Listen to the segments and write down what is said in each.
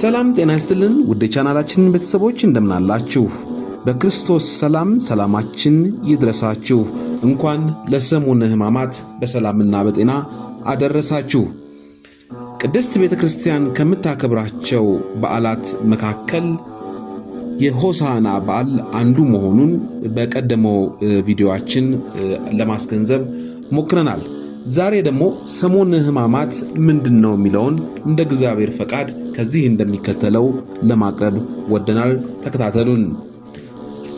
ሰላም ጤና ይስጥልን ውድ ቻናላችንን ቤተሰቦች እንደምናላችሁ። በክርስቶስ ሰላም ሰላማችን ይድረሳችሁ። እንኳን ለሰሙነ ህማማት በሰላምና በጤና አደረሳችሁ። ቅድስት ቤተ ክርስቲያን ከምታከብራቸው በዓላት መካከል የሆሳና በዓል አንዱ መሆኑን በቀደመው ቪዲዮአችን ለማስገንዘብ ሞክረናል። ዛሬ ደግሞ ሰሞነ ህማማት ምንድን ነው የሚለውን እንደ እግዚአብሔር ፈቃድ ከዚህ እንደሚከተለው ለማቅረብ ወደናል። ተከታተሉን።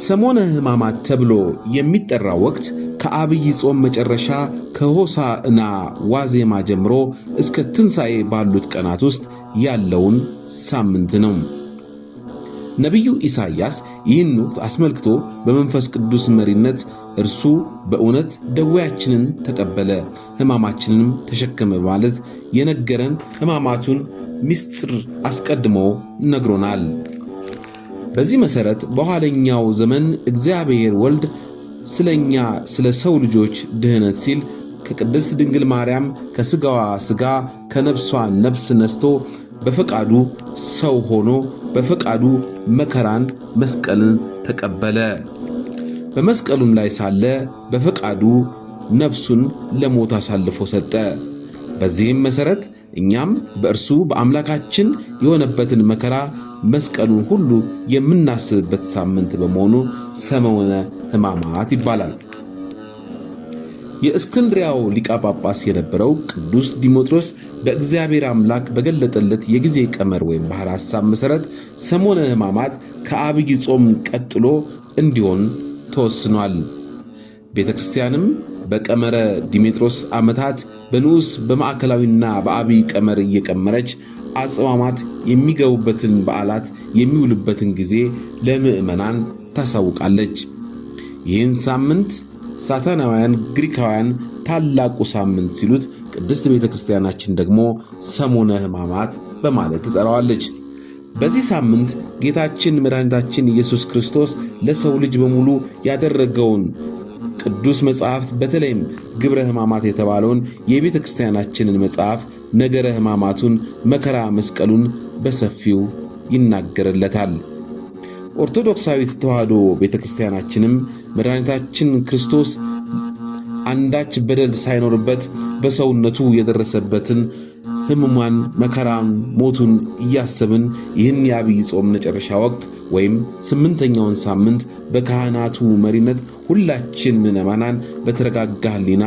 ሰሞነ ህማማት ተብሎ የሚጠራው ወቅት ከአብይ ጾም መጨረሻ ከሆሳዕና ዋዜማ ጀምሮ እስከ ትንሣኤ ባሉት ቀናት ውስጥ ያለውን ሳምንት ነው። ነቢዩ ኢሳይያስ ይህን ወቅት አስመልክቶ በመንፈስ ቅዱስ መሪነት እርሱ በእውነት ደዌያችንን ተቀበለ፣ ሕማማችንንም ተሸከመ በማለት የነገረን ሕማማቱን ምስጢር አስቀድሞ ነግሮናል። በዚህ መሠረት በኋለኛው ዘመን እግዚአብሔር ወልድ ስለኛ ስለ ሰው ልጆች ድህነት ሲል ከቅድስት ድንግል ማርያም ከሥጋዋ ሥጋ ከነፍሷ ነፍስ ነስቶ በፈቃዱ ሰው ሆኖ በፈቃዱ መከራን መስቀልን ተቀበለ። በመስቀሉም ላይ ሳለ በፈቃዱ ነፍሱን ለሞት አሳልፎ ሰጠ። በዚህም መሠረት እኛም በእርሱ በአምላካችን የሆነበትን መከራ መስቀሉን ሁሉ የምናስብበት ሳምንት በመሆኑ ሰሞነ ሕማማት ይባላል። የእስክንድሪያው ሊቀ ጳጳስ የነበረው ቅዱስ ዲሞጥሮስ በእግዚአብሔር አምላክ በገለጠለት የጊዜ ቀመር ወይም ባህር ሐሳብ መሠረት ሰሞነ ሕማማት ከአብይ ጾም ቀጥሎ እንዲሆን ተወስኗል። ቤተ ክርስቲያንም በቀመረ ዲሜጥሮስ ዓመታት በንዑስ በማዕከላዊና በአብይ ቀመር እየቀመረች አጽማማት የሚገቡበትን በዓላት የሚውልበትን ጊዜ ለምዕመናን ታሳውቃለች። ይህን ሳምንት ሳተናውያን ግሪካውያን ታላቁ ሳምንት ሲሉት ቅድስት ቤተ ክርስቲያናችን ደግሞ ሰሙነ ሕማማት በማለት ትጠራዋለች። በዚህ ሳምንት ጌታችን መድኃኒታችን ኢየሱስ ክርስቶስ ለሰው ልጅ በሙሉ ያደረገውን ቅዱስ መጽሐፍት በተለይም ግብረ ሕማማት የተባለውን የቤተ ክርስቲያናችንን መጽሐፍ ነገረ ሕማማቱን፣ መከራ መስቀሉን በሰፊው ይናገርለታል። ኦርቶዶክሳዊት ተዋሕዶ ቤተ ክርስቲያናችንም መድኃኒታችን ክርስቶስ አንዳች በደል ሳይኖርበት በሰውነቱ የደረሰበትን ሕሙማን መከራን፣ ሞቱን እያሰብን ይህን የአብይ ጾም መጨረሻ ወቅት ወይም ስምንተኛውን ሳምንት በካህናቱ መሪነት ሁላችን ምዕመናን በተረጋጋ ሕሊና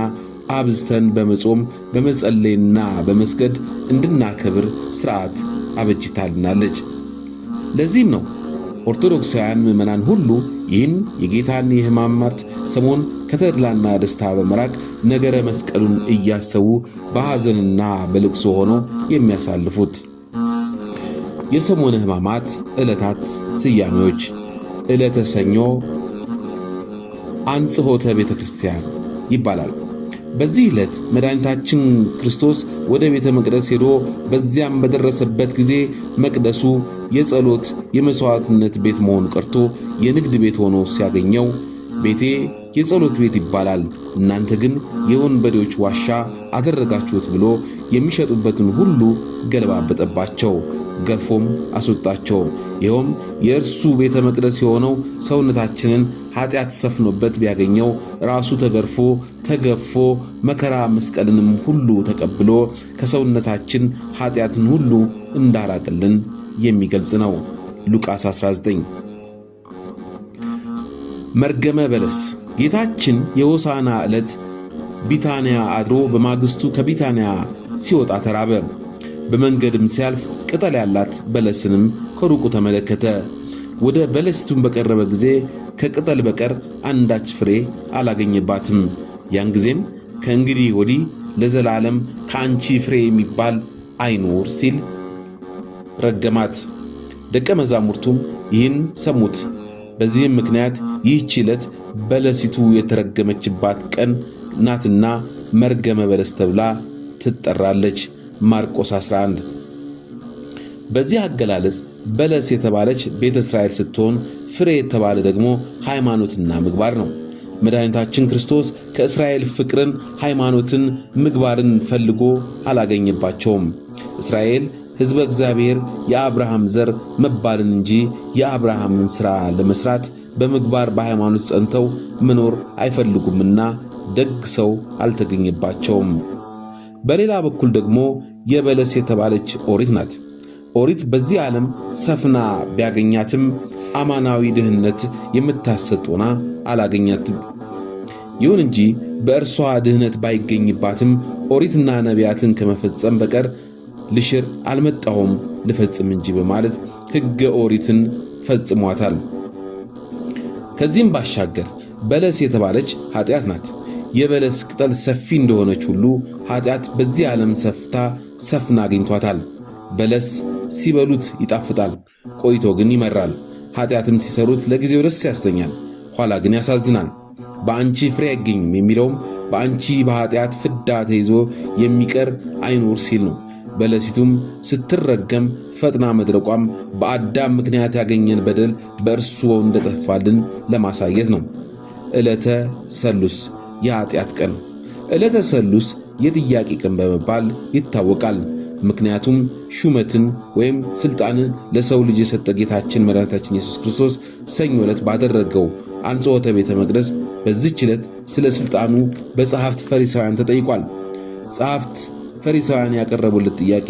አብዝተን በመጾም በመጸለይና በመስገድ እንድናከብር ሥርዓት አበጅታልናለች። ለዚህም ነው ኦርቶዶክሳውያን ምዕመናን ሁሉ ይህን የጌታን የሕማማት ሰሞን ከተድላና ደስታ በመራቅ ነገረ መስቀሉን እያሰቡ በሐዘንና በልቅሶ ሆነው የሚያሳልፉት የሰሞነ ሕማማት ዕለታት ስያሜዎች ዕለተ ሰኞ አንጽሖተ ቤተ ክርስቲያን ይባላል። በዚህ ዕለት መድኃኒታችን ክርስቶስ ወደ ቤተ መቅደስ ሄዶ በዚያም በደረሰበት ጊዜ መቅደሱ የጸሎት የመሥዋዕትነት ቤት መሆኑ ቀርቶ የንግድ ቤት ሆኖ ሲያገኘው ቤቴ የጸሎት ቤት ይባላል። እናንተ ግን የወንበዴዎች ዋሻ አደረጋችሁት ብሎ የሚሸጡበትን ሁሉ ገለባበጠባቸው፣ ገርፎም አስወጣቸው። ይኸውም የእርሱ ቤተ መቅደስ የሆነው ሰውነታችንን ኃጢአት ሰፍኖበት ቢያገኘው ራሱ ተገርፎ ተገፎ መከራ መስቀልንም ሁሉ ተቀብሎ ከሰውነታችን ኃጢአትን ሁሉ እንዳራቅልን የሚገልጽ ነው። ሉቃስ 19 መርገመ በለስ ጌታችን የሆሳዕና ዕለት ቢታንያ አድሮ በማግስቱ ከቢታንያ ሲወጣ ተራበ። በመንገድም ሲያልፍ ቅጠል ያላት በለስንም ከሩቁ ተመለከተ። ወደ በለስቱን በቀረበ ጊዜ ከቅጠል በቀር አንዳች ፍሬ አላገኘባትም። ያን ጊዜም ከእንግዲህ ወዲህ ለዘላለም ከአንቺ ፍሬ የሚባል አይኖር ሲል ረገማት። ደቀ መዛሙርቱም ይህን ሰሙት። በዚህም ምክንያት ይህች ዕለት በለሲቱ የተረገመችባት ቀን ናትና መርገመ በለስ ተብላ ትጠራለች። ማርቆስ 11 በዚህ አገላለጽ በለስ የተባለች ቤተ እስራኤል ስትሆን ፍሬ የተባለ ደግሞ ሃይማኖትና ምግባር ነው። መድኃኒታችን ክርስቶስ ከእስራኤል ፍቅርን፣ ሃይማኖትን፣ ምግባርን ፈልጎ አላገኘባቸውም። እስራኤል ሕዝበ እግዚአብሔር የአብርሃም ዘር መባልን እንጂ የአብርሃምን ሥራ ለመሥራት በምግባር በሃይማኖት ጸንተው መኖር አይፈልጉምና ደግ ሰው አልተገኘባቸውም። በሌላ በኩል ደግሞ የበለስ የተባለች ኦሪት ናት። ኦሪት በዚህ ዓለም ሰፍና ቢያገኛትም አማናዊ ድህነት የምታሰጥ ሆና አላገኛትም። ይሁን እንጂ በእርሷ ድህነት ባይገኝባትም ኦሪትና ነቢያትን ከመፈጸም በቀር ልሽር አልመጣሁም ልፈጽም እንጂ በማለት ሕገ ኦሪትን ፈጽሟታል። ከዚህም ባሻገር በለስ የተባለች ኃጢአት ናት። የበለስ ቅጠል ሰፊ እንደሆነች ሁሉ ኃጢአት በዚህ ዓለም ሰፍታ ሰፍና አግኝቷታል። በለስ ሲበሉት ይጣፍጣል፣ ቆይቶ ግን ይመራል። ኃጢአትም ሲሰሩት ለጊዜው ደስ ያሰኛል፣ ኋላ ግን ያሳዝናል። በአንቺ ፍሬ አይገኝም የሚለውም በአንቺ በኃጢአት ፍዳ ተይዞ የሚቀር አይኖር ሲል ነው። በለሲቱም ስትረገም ፈጥና መድረቋም በአዳም ምክንያት ያገኘን በደል በእርሱ እንደጠፋልን ለማሳየት ነው። ዕለተ ሰሉስ የኀጢአት ቀን። ዕለተ ሰሉስ የጥያቄ ቀን በመባል ይታወቃል። ምክንያቱም ሹመትን ወይም ሥልጣንን ለሰው ልጅ የሰጠ ጌታችን መድኃኒታችን ኢየሱስ ክርስቶስ ሰኞ ዕለት ባደረገው አንጽሖተ ቤተ መቅደስ በዚች ዕለት ስለ ሥልጣኑ በጸሐፍት ፈሪሳውያን ተጠይቋል። ጸሐፍት ፈሪሳውያን ያቀረቡለት ጥያቄ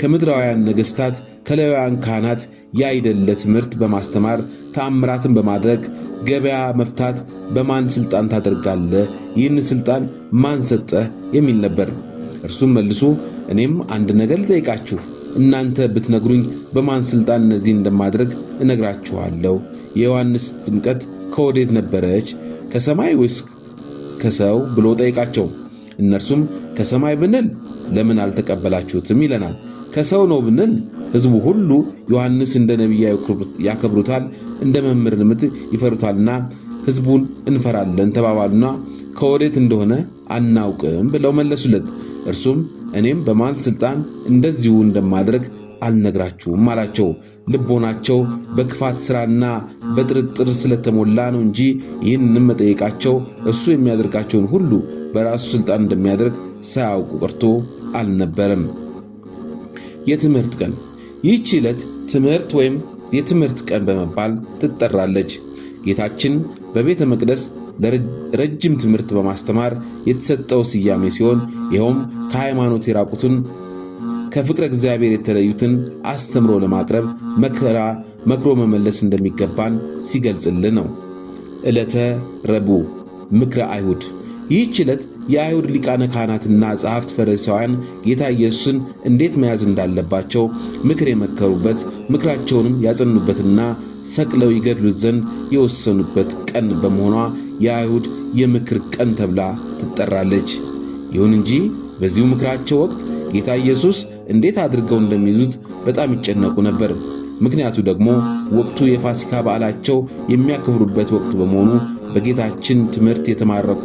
ከምድራውያን ነገሥታት ከሌዋውያን ካህናት ያይደለ ትምህርት በማስተማር ተአምራትን በማድረግ ገበያ መፍታት በማን ሥልጣን ታደርጋለህ? ይህን ሥልጣን ማን ሰጠህ? የሚል ነበር። እርሱም መልሶ እኔም አንድ ነገር ልጠይቃችሁ፣ እናንተ ብትነግሩኝ በማን ሥልጣን እነዚህ እንደማድረግ እነግራችኋለሁ። የዮሐንስ ጥምቀት ከወዴት ነበረች? ከሰማይ ወይስ ከሰው? ብሎ ጠይቃቸው። እነርሱም ከሰማይ ብንል ለምን አልተቀበላችሁትም ይለናል። ከሰው ነው ብንል ሕዝቡ ሁሉ ዮሐንስ እንደ ነቢያ ያከብሩታል፣ እንደ መምህርምት ይፈሩታልና ሕዝቡን እንፈራለን ተባባሉና ከወዴት እንደሆነ አናውቅም ብለው መለሱለት። እርሱም እኔም በማን ሥልጣን እንደዚሁ እንደማድረግ አልነግራችሁም አላቸው። ልቦናቸው በክፋት ሥራና በጥርጥር ስለተሞላ ነው እንጂ ይህንም መጠየቃቸው እርሱ የሚያደርጋቸውን ሁሉ በራሱ ሥልጣን እንደሚያደርግ ሳያውቁ ቀርቶ አልነበረም። የትምህርት ቀን ይህች ዕለት ትምህርት ወይም የትምህርት ቀን በመባል ትጠራለች። ጌታችን በቤተ መቅደስ ረጅም ትምህርት በማስተማር የተሰጠው ስያሜ ሲሆን ይኸውም ከሃይማኖት የራቁትን ከፍቅረ እግዚአብሔር የተለዩትን አስተምሮ ለማቅረብ መከራ መክሮ መመለስ እንደሚገባን ሲገልጽልን ነው። ዕለተ ረቡዕ ምክረ አይሁድ ይህች ዕለት የአይሁድ ሊቃነ ካህናትና ጸሐፍት ፈሪሳውያን ጌታ ኢየሱስን እንዴት መያዝ እንዳለባቸው ምክር የመከሩበት ምክራቸውንም ያጸኑበትና ሰቅለው ይገድሉት ዘንድ የወሰኑበት ቀን በመሆኗ የአይሁድ የምክር ቀን ተብላ ትጠራለች። ይሁን እንጂ በዚሁ ምክራቸው ወቅት ጌታ ኢየሱስ እንዴት አድርገው እንደሚይዙት በጣም ይጨነቁ ነበር። ምክንያቱ ደግሞ ወቅቱ የፋሲካ በዓላቸው የሚያከብሩበት ወቅት በመሆኑ በጌታችን ትምህርት የተማረኩ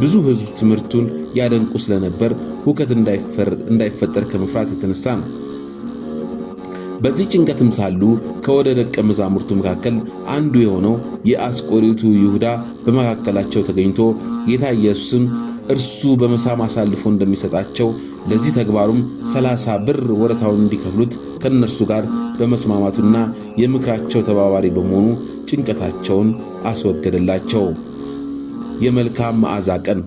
ብዙ ሕዝብ ትምህርቱን ያደንቁ ስለነበር ሁከት እንዳይፈጠር ከመፍራት የተነሳ ነው። በዚህ ጭንቀትም ሳሉ ከወደ ደቀ መዛሙርቱ መካከል አንዱ የሆነው የአስቆሪቱ ይሁዳ በመካከላቸው ተገኝቶ ጌታ ኢየሱስን እርሱ በመሳም አሳልፎ እንደሚሰጣቸው ለዚህ ተግባሩም ሰላሳ ብር ወረታውን እንዲከፍሉት ከእነርሱ ጋር በመስማማቱና የምክራቸው ተባባሪ በመሆኑ ጭንቀታቸውን አስወገደላቸው። የመልካም መዓዛ ቀን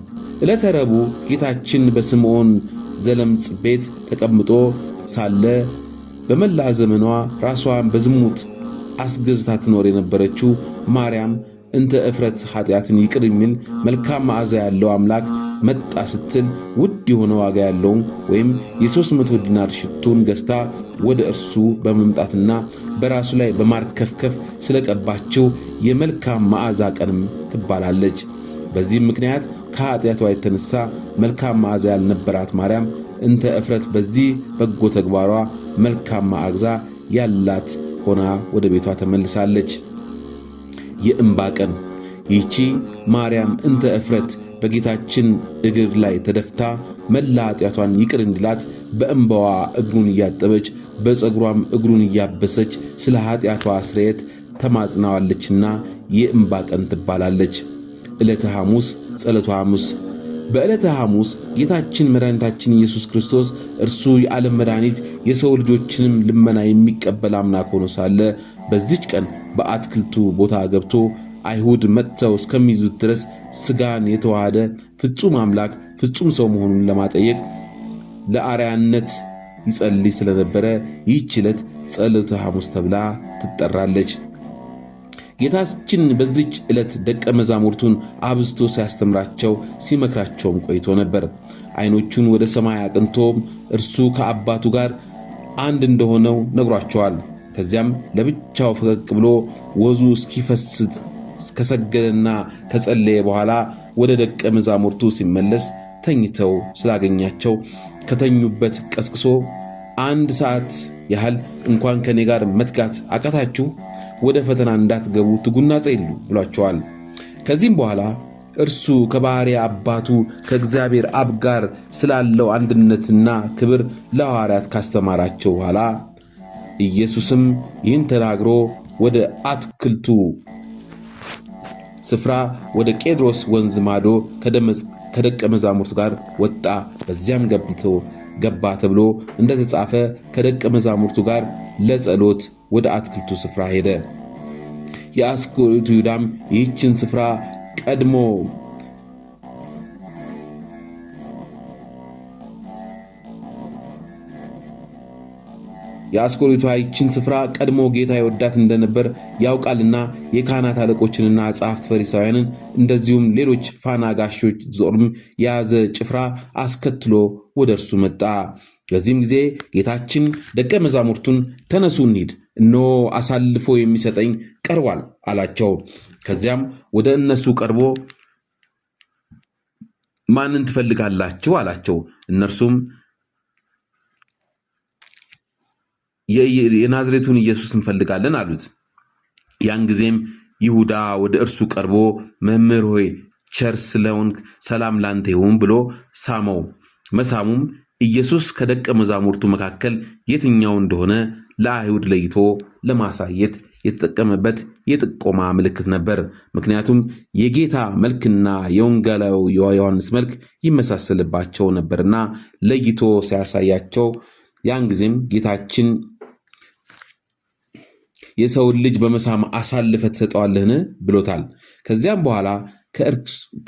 ዕለተ ረቡዕ ጌታችን በስምዖን ዘለምጽ ቤት ተቀምጦ ሳለ በመላ ዘመኗ ራሷን በዝሙት አስገዝታ ትኖር የነበረችው ማርያም እንተ እፍረት ኃጢአትን ይቅር የሚል መልካም መዓዛ ያለው አምላክ መጣ ስትል ውድ የሆነ ዋጋ ያለውን ወይም የ300 ዲናር ሽቱን ገዝታ ወደ እርሱ በመምጣትና በራሱ ላይ በማርከፍከፍ ስለቀባቸው የመልካም መዓዛ ቀንም ትባላለች። በዚህም ምክንያት ከኃጢአቷ የተነሳ መልካም መዓዛ ያልነበራት ማርያም እንተ እፍረት በዚህ በጎ ተግባሯ መልካም መዓዛ ያላት ሆና ወደ ቤቷ ተመልሳለች። የእምባ ቀን ይቺ ማርያም እንተ እፍረት በጌታችን እግር ላይ ተደፍታ መላ ኃጢአቷን ይቅር እንዲላት በእንባዋ እግሩን እያጠበች በፀጉሯም እግሩን እያበሰች ስለ ኃጢአቷ ስርየት ተማጽናዋለችና የእንባ ቀን ትባላለች። ዕለተ ሐሙስ፣ ጸሎተ ሐሙስ። በዕለተ ሐሙስ ጌታችን መድኃኒታችን ኢየሱስ ክርስቶስ እርሱ የዓለም መድኃኒት የሰው ልጆችንም ልመና የሚቀበል አምላክ ሆኖ ሳለ በዚች ቀን በአትክልቱ ቦታ ገብቶ አይሁድ መጥተው እስከሚይዙት ድረስ ስጋን የተዋሃደ ፍጹም አምላክ ፍጹም ሰው መሆኑን ለማጠየቅ ለአርያነት ይጸልይ ስለነበረ ይህች ዕለት ጸሎተ ሐሙስ ተብላ ትጠራለች። ጌታችን በዚች ዕለት ደቀ መዛሙርቱን አብዝቶ ሲያስተምራቸው ሲመክራቸውም ቆይቶ ነበር። ዐይኖቹን ወደ ሰማይ አቅንቶም እርሱ ከአባቱ ጋር አንድ እንደሆነው ነግሯቸዋል። ከዚያም ለብቻው ፈቀቅ ብሎ ወዙ እስኪፈስት ከሰገደና ከጸለየ በኋላ ወደ ደቀ መዛሙርቱ ሲመለስ ተኝተው ስላገኛቸው ከተኙበት ቀስቅሶ አንድ ሰዓት ያህል እንኳን ከእኔ ጋር መትጋት አቃታችሁ፣ ወደ ፈተና እንዳትገቡ ትጉና ጸልዩ ብሏቸዋል። ከዚህም በኋላ እርሱ ከባሕርይ አባቱ ከእግዚአብሔር አብ ጋር ስላለው አንድነትና ክብር ለሐዋርያት ካስተማራቸው በኋላ ኢየሱስም ይህን ተናግሮ ወደ አትክልቱ ስፍራ ወደ ቄድሮስ ወንዝ ማዶ ከደቀ መዛሙርቱ ጋር ወጣ፣ በዚያም ገብቶ ገባ ተብሎ እንደተጻፈ ከደቀ መዛሙርቱ ጋር ለጸሎት ወደ አትክልቱ ስፍራ ሄደ። የአስቆሮቱ ይሁዳም ይህችን ስፍራ ቀድሞ የአስቆሪቷ ይችን ስፍራ ቀድሞ ጌታ የወዳት እንደነበር ያውቃልና የካህናት አለቆችንና ጸሐፍት ፈሪሳውያንን እንደዚሁም ሌሎች ፋና ጋሾች ዞርም የያዘ ጭፍራ አስከትሎ ወደ እርሱ መጣ። በዚህም ጊዜ ጌታችን ደቀ መዛሙርቱን ተነሱ፣ እንሂድ፣ እነሆ አሳልፎ የሚሰጠኝ ቀርቧል አላቸው። ከዚያም ወደ እነሱ ቀርቦ ማንን ትፈልጋላችሁ አላቸው። እነርሱም የናዝሬቱን ኢየሱስ እንፈልጋለን አሉት። ያን ጊዜም ይሁዳ ወደ እርሱ ቀርቦ መምህር ሆይ ቸር ስለሆንክ ሰላም ላንተ ይሁን ብሎ ሳመው። መሳሙም ኢየሱስ ከደቀ መዛሙርቱ መካከል የትኛው እንደሆነ ለአይሁድ ለይቶ ለማሳየት የተጠቀመበት የጥቆማ ምልክት ነበር። ምክንያቱም የጌታ መልክና የወንጌላዊው ዮሐንስ መልክ ይመሳሰልባቸው ነበርና ለይቶ ሲያሳያቸው ያን ጊዜም ጌታችን የሰውን ልጅ በመሳም አሳልፈ ትሰጠዋለህን ብሎታል። ከዚያም በኋላ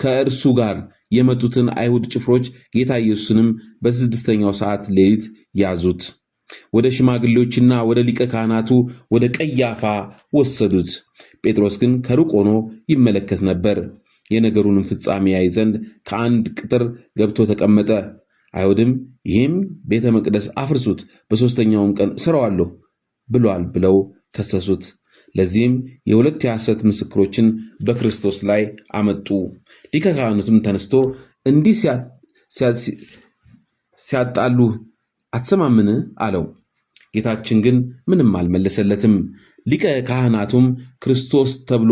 ከእርሱ ጋር የመጡትን አይሁድ ጭፍሮች ጌታ ኢየሱስንም በስድስተኛው ሰዓት ሌሊት ያዙት፣ ወደ ሽማግሌዎችና ወደ ሊቀ ካህናቱ ወደ ቀያፋ ወሰዱት። ጴጥሮስ ግን ከሩቅ ሆኖ ይመለከት ነበር። የነገሩንም ፍጻሜ ያይ ዘንድ ከአንድ ቅጥር ገብቶ ተቀመጠ። አይሁድም ይህም ቤተ መቅደስ አፍርሱት፣ በሦስተኛውም ቀን ስረዋለሁ ብሏል ብለው ከሰሱት። ለዚህም የሁለት የሐሰት ምስክሮችን በክርስቶስ ላይ አመጡ። ሊቀ ካህናቱም ተነስቶ እንዲህ ሲያጣሉ አትሰማምን አለው። ጌታችን ግን ምንም አልመለሰለትም። ሊቀ ካህናቱም ክርስቶስ ተብሎ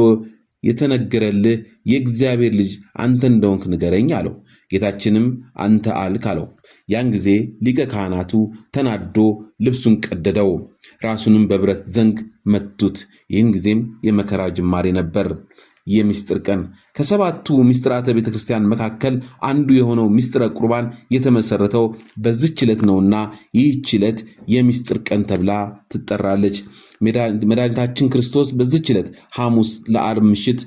የተነገረልህ የእግዚአብሔር ልጅ አንተ እንደሆንክ ንገረኝ አለው። ጌታችንም አንተ አልክ አለው። ያን ጊዜ ሊቀ ካህናቱ ተናዶ ልብሱን ቀደደው፣ ራሱንም በብረት ዘንግ መቱት። ይህን ጊዜም የመከራ ጅማሬ ነበር። የሚስጥር ቀን ከሰባቱ ሚስጥራተ ቤተ ክርስቲያን መካከል አንዱ የሆነው ሚስጥረ ቁርባን የተመሰረተው በዚች ዕለት ነውና ይህች ዕለት የሚስጥር ቀን ተብላ ትጠራለች። መድኃኒታችን ክርስቶስ በዚች ዕለት ሐሙስ ለአርብ ምሽት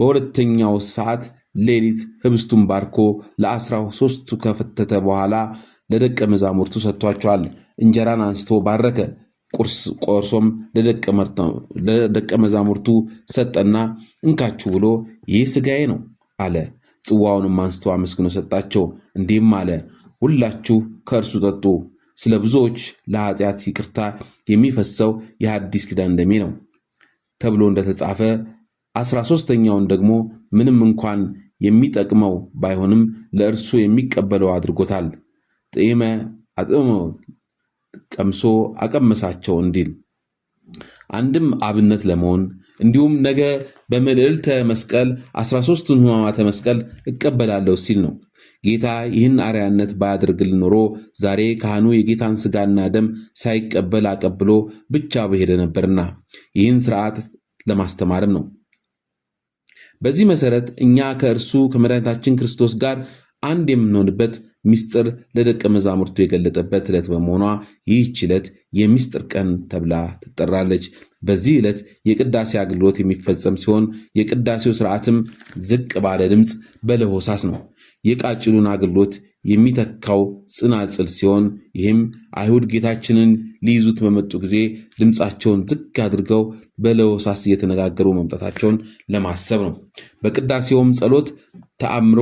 በሁለተኛው ሰዓት ሌሊት ህብስቱን ባርኮ ለአስራ ሦስቱ ከፈተተ በኋላ ለደቀ መዛሙርቱ ሰጥቷቸዋል። እንጀራን አንስቶ ባረከ፣ ቁርስ ቆርሶም ለደቀ መዛሙርቱ ሰጠና እንካችሁ ብሎ ይህ ስጋዬ ነው አለ። ጽዋውንም አንስቶ አመስግኖ ሰጣቸው፣ እንዲህም አለ ሁላችሁ ከእርሱ ጠጡ። ስለ ብዙዎች ለኃጢአት ይቅርታ የሚፈሰው የአዲስ ኪዳን ደሜ ነው ተብሎ እንደተጻፈ አስራ ሦስተኛውን ደግሞ ምንም እንኳን የሚጠቅመው ባይሆንም ለእርሱ የሚቀበለው አድርጎታል። ጥመ አጥሞ ቀምሶ አቀመሳቸው እንዲል አንድም አብነት ለመሆን እንዲሁም ነገ በመልዕልተ መስቀል 13ቱን ሕማማተ መስቀል እቀበላለሁ ሲል ነው። ጌታ ይህን አርያነት ባያደርግል ኖሮ ዛሬ ካህኑ የጌታን ስጋና ደም ሳይቀበል አቀብሎ ብቻ በሄደ ነበርና ይህን ስርዓት ለማስተማርም ነው። በዚህ መሰረት እኛ ከእርሱ ከመድኃኒታችን ክርስቶስ ጋር አንድ የምንሆንበት ምስጢር ለደቀ መዛሙርቱ የገለጠበት ዕለት በመሆኗ ይህች ዕለት የምስጢር ቀን ተብላ ትጠራለች። በዚህ ዕለት የቅዳሴ አገልግሎት የሚፈጸም ሲሆን የቅዳሴው ስርዓትም ዝቅ ባለ ድምፅ በለሆሳስ ነው። የቃጭሉን አገልግሎት የሚተካው ጽናጽል ሲሆን ይህም አይሁድ ጌታችንን ሊይዙት በመጡ ጊዜ ድምፃቸውን ዝግ አድርገው በለወሳስ እየተነጋገሩ መምጣታቸውን ለማሰብ ነው። በቅዳሴውም ጸሎት ተአምሮ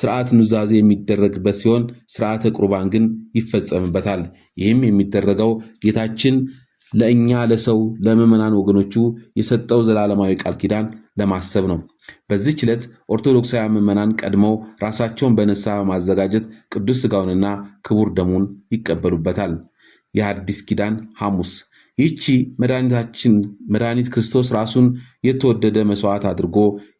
ስርዓት ኑዛዜ የሚደረግበት ሲሆን ስርዓተ ቁርባን ግን ይፈጸምበታል። ይህም የሚደረገው ጌታችን ለእኛ ለሰው ለምዕመናን ወገኖቹ የሰጠው ዘላለማዊ ቃል ኪዳን ለማሰብ ነው። በዚህች ዕለት ኦርቶዶክሳውያን ምዕመናን ቀድመው ራሳቸውን በንስሐ በማዘጋጀት ቅዱስ ሥጋውንና ክቡር ደሙን ይቀበሉበታል። የአዲስ ኪዳን ሐሙስ ይቺ መድኃኒታችን መድኃኒት ክርስቶስ ራሱን የተወደደ መስዋዕት አድርጎ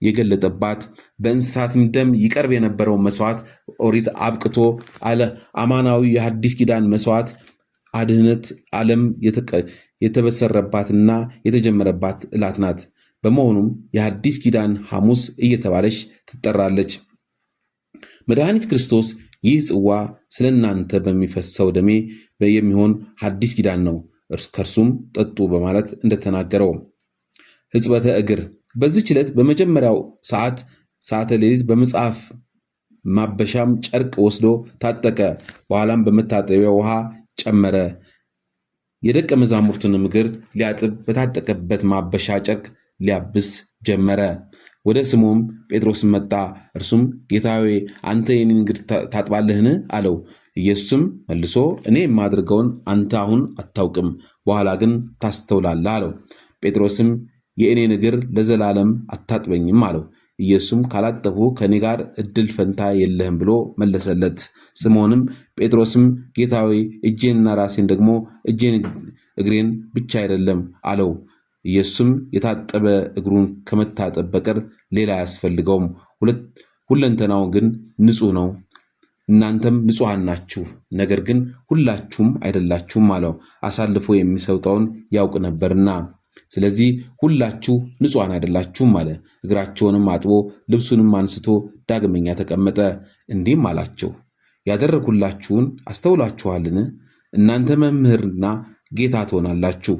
የገለጠባት በእንስሳትም ደም ይቀርብ የነበረውን መስዋዕት ኦሪት አብቅቶ አለ አማናዊ የአዲስ ኪዳን መስዋዕት አድህነት ዓለም የተበሰረባትና የተጀመረባት ዕላት ናት። በመሆኑም የአዲስ ኪዳን ሐሙስ እየተባለች ትጠራለች። መድኃኒት ክርስቶስ ይህ ጽዋ ስለ እናንተ በሚፈሰው ደሜ የሚሆን አዲስ ኪዳን ነው፣ ከእርሱም ጠጡ በማለት እንደተናገረው። ሕጽበተ እግር በዚች ዕለት በመጀመሪያው ሰዓት ሰዓተ ሌሊት በመጽሐፍ ማበሻም ጨርቅ ወስዶ ታጠቀ። በኋላም በመታጠቢያ ውሃ ጨመረ። የደቀ መዛሙርቱንም እግር ሊያጥብ በታጠቀበት ማበሻ ጨርቅ ሊያብስ ጀመረ። ወደ ስሙም ጴጥሮስን መጣ። እርሱም ጌታ ሆይ አንተ የኔን እግር ታጥባለህን? አለው። ኢየሱስም መልሶ እኔ የማድርገውን አንተ አሁን አታውቅም፣ በኋላ ግን ታስተውላለህ አለው። ጴጥሮስም የእኔን እግር ለዘላለም አታጥበኝም አለው። ኢየሱስም ካላጠፉ ከእኔ ጋር እድል ፈንታ የለህም ብሎ መለሰለት። ስምዖንም ጴጥሮስም ጌታዊ እጄንና ራሴን ደግሞ እጄን እግሬን ብቻ አይደለም አለው። ኢየሱስም የታጠበ እግሩን ከመታጠብ በቀር ሌላ አያስፈልገውም። ሁለንተናው ግን ንጹህ ነው። እናንተም ንጹሐን ናችሁ፣ ነገር ግን ሁላችሁም አይደላችሁም አለው፣ አሳልፎ የሚሰውጠውን ያውቅ ነበርና። ስለዚህ ሁላችሁ ንጹሐን አይደላችሁም አለ። እግራቸውንም አጥቦ ልብሱንም አንስቶ ዳግመኛ ተቀመጠ። እንዲህም አላቸው፣ ያደረግሁላችሁን አስተውላችኋልን? እናንተ መምህርና ጌታ ትሆናላችሁ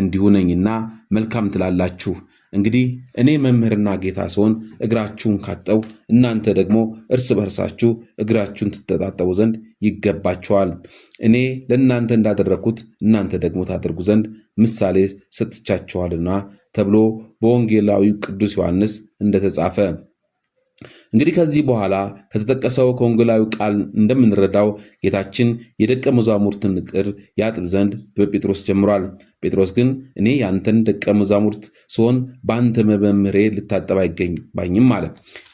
እንዲሁነኝና መልካም ትላላችሁ። እንግዲህ እኔ መምህርና ጌታ ስሆን እግራችሁን ካጠው እናንተ ደግሞ እርስ በርሳችሁ እግራችሁን ትተጣጠቡ ዘንድ ይገባችኋል። እኔ ለእናንተ እንዳደረግኩት እናንተ ደግሞ ታደርጉ ዘንድ ምሳሌ ሰጥቻችኋልና ተብሎ በወንጌላዊው ቅዱስ ዮሐንስ እንደተጻፈ እንግዲህ ከዚህ በኋላ ከተጠቀሰው ከወንጌላዊ ቃል እንደምንረዳው ጌታችን የደቀ መዛሙርትን እግር ያጥብ ዘንድ በጴጥሮስ ጀምሯል። ጴጥሮስ ግን እኔ ያንተን ደቀ መዛሙርት ስሆን በአንተ በመምህሬ ልታጠብ አይገባኝም አለ።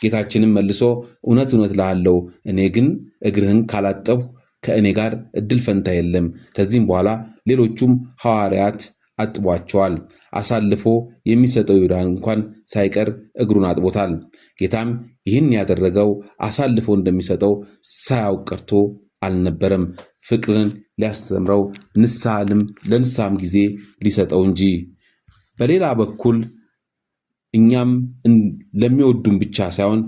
ጌታችንም መልሶ እውነት እውነት እልሃለሁ እኔ ግን እግርህን ካላጠብሁ ከእኔ ጋር እድል ፈንታ የለም። ከዚህም በኋላ ሌሎቹም ሐዋርያት አጥቧቸዋል። አሳልፎ የሚሰጠው ይሁዳን እንኳን ሳይቀር እግሩን አጥቦታል። ጌታም ይህን ያደረገው አሳልፎ እንደሚሰጠው ሳያውቅ ቀርቶ አልነበረም፣ ፍቅርን ሊያስተምረው ንስሐንም ለንስሐም ጊዜ ሊሰጠው እንጂ። በሌላ በኩል እኛም ለሚወዱን ብቻ ሳይሆን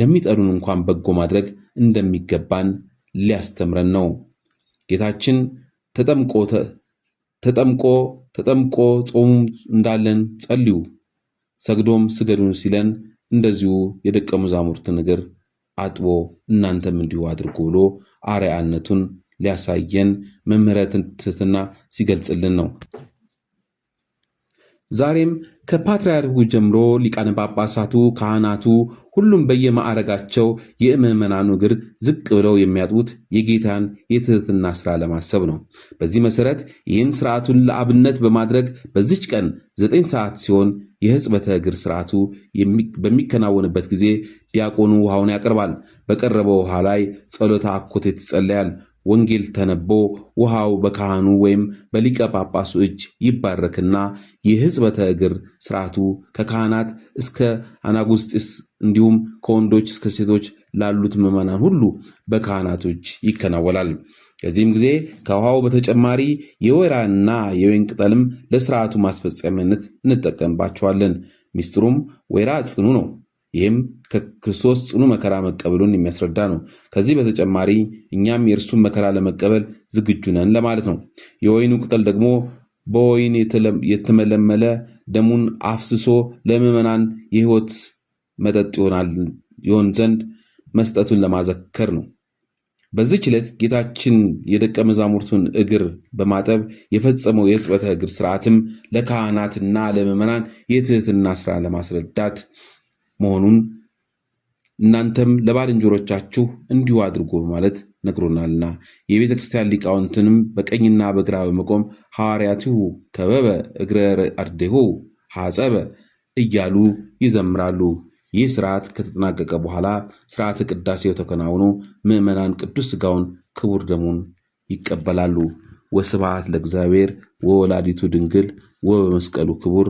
ለሚጠሉን እንኳን በጎ ማድረግ እንደሚገባን ሊያስተምረን ነው። ጌታችን ተጠምቆ ተጠምቆ ተጠምቆ ጾሙ እንዳለን ጸልዩ፣ ሰግዶም ስገዱን ሲለን እንደዚሁ የደቀ መዛሙርትን እግር አጥቦ እናንተም እንዲሁ አድርጎ ብሎ አርአያነቱን ሊያሳየን መምህረ ትሕትና ሲገልጽልን ነው። ዛሬም ከፓትርያርኩ ጀምሮ ሊቃነ ጳጳሳቱ፣ ካህናቱ፣ ሁሉም በየማዕረጋቸው የምዕመናኑ እግር ዝቅ ብለው የሚያጥቡት የጌታን የትህትና ሥራ ለማሰብ ነው። በዚህ መሠረት ይህን ሥርዓቱን ለአብነት በማድረግ በዚች ቀን ዘጠኝ ሰዓት ሲሆን የሕጽበተ እግር ሥርዓቱ በሚከናወንበት ጊዜ ዲያቆኑ ውሃውን ያቀርባል። በቀረበው ውሃ ላይ ጸሎተ አኮቴት ይጸለያል። ወንጌል ተነቦ ውሃው በካህኑ ወይም በሊቀ ጳጳሱ እጅ ይባረክና የሕጽበተ እግር ስርዓቱ ከካህናት እስከ አናጉስጢስ እንዲሁም ከወንዶች እስከ ሴቶች ላሉት ምዕመናን ሁሉ በካህናቶች ይከናወናል። ከዚህም ጊዜ ከውሃው በተጨማሪ የወይራና የወይን ቅጠልም ለስርዓቱ ማስፈጸሚያነት እንጠቀምባቸዋለን። ሚስጥሩም ወይራ ጽኑ ነው። ይህም ከክርስቶስ ጽኑ መከራ መቀበሉን የሚያስረዳ ነው። ከዚህ በተጨማሪ እኛም የእርሱን መከራ ለመቀበል ዝግጁ ነን ለማለት ነው። የወይኑ ቅጠል ደግሞ በወይን የተመለመለ ደሙን አፍስሶ ለምዕመናን የህይወት መጠጥ ይሆን ዘንድ መስጠቱን ለማዘከር ነው። በዚህች ዕለት ጌታችን የደቀ መዛሙርቱን እግር በማጠብ የፈጸመው የሕጽበተ እግር ስርዓትም ለካህናትና ለምዕመናን የትህትና ስራ ለማስረዳት መሆኑን እናንተም ለባልንጀሮቻችሁ እንዲሁ አድርጎ በማለት ነግሮናልና የቤተ ክርስቲያን ሊቃውንትንም በቀኝና በግራ በመቆም ሐዋርያትሁ ከበበ እግረ አርዴሁ ሐጸበ እያሉ ይዘምራሉ። ይህ ስርዓት ከተጠናቀቀ በኋላ ስርዓተ ቅዳሴው ተከናውኖ ምዕመናን ቅዱስ ስጋውን ክቡር ደሙን ይቀበላሉ። ወስብሐት ለእግዚአብሔር ወወላዲቱ ድንግል ወበመስቀሉ ክቡር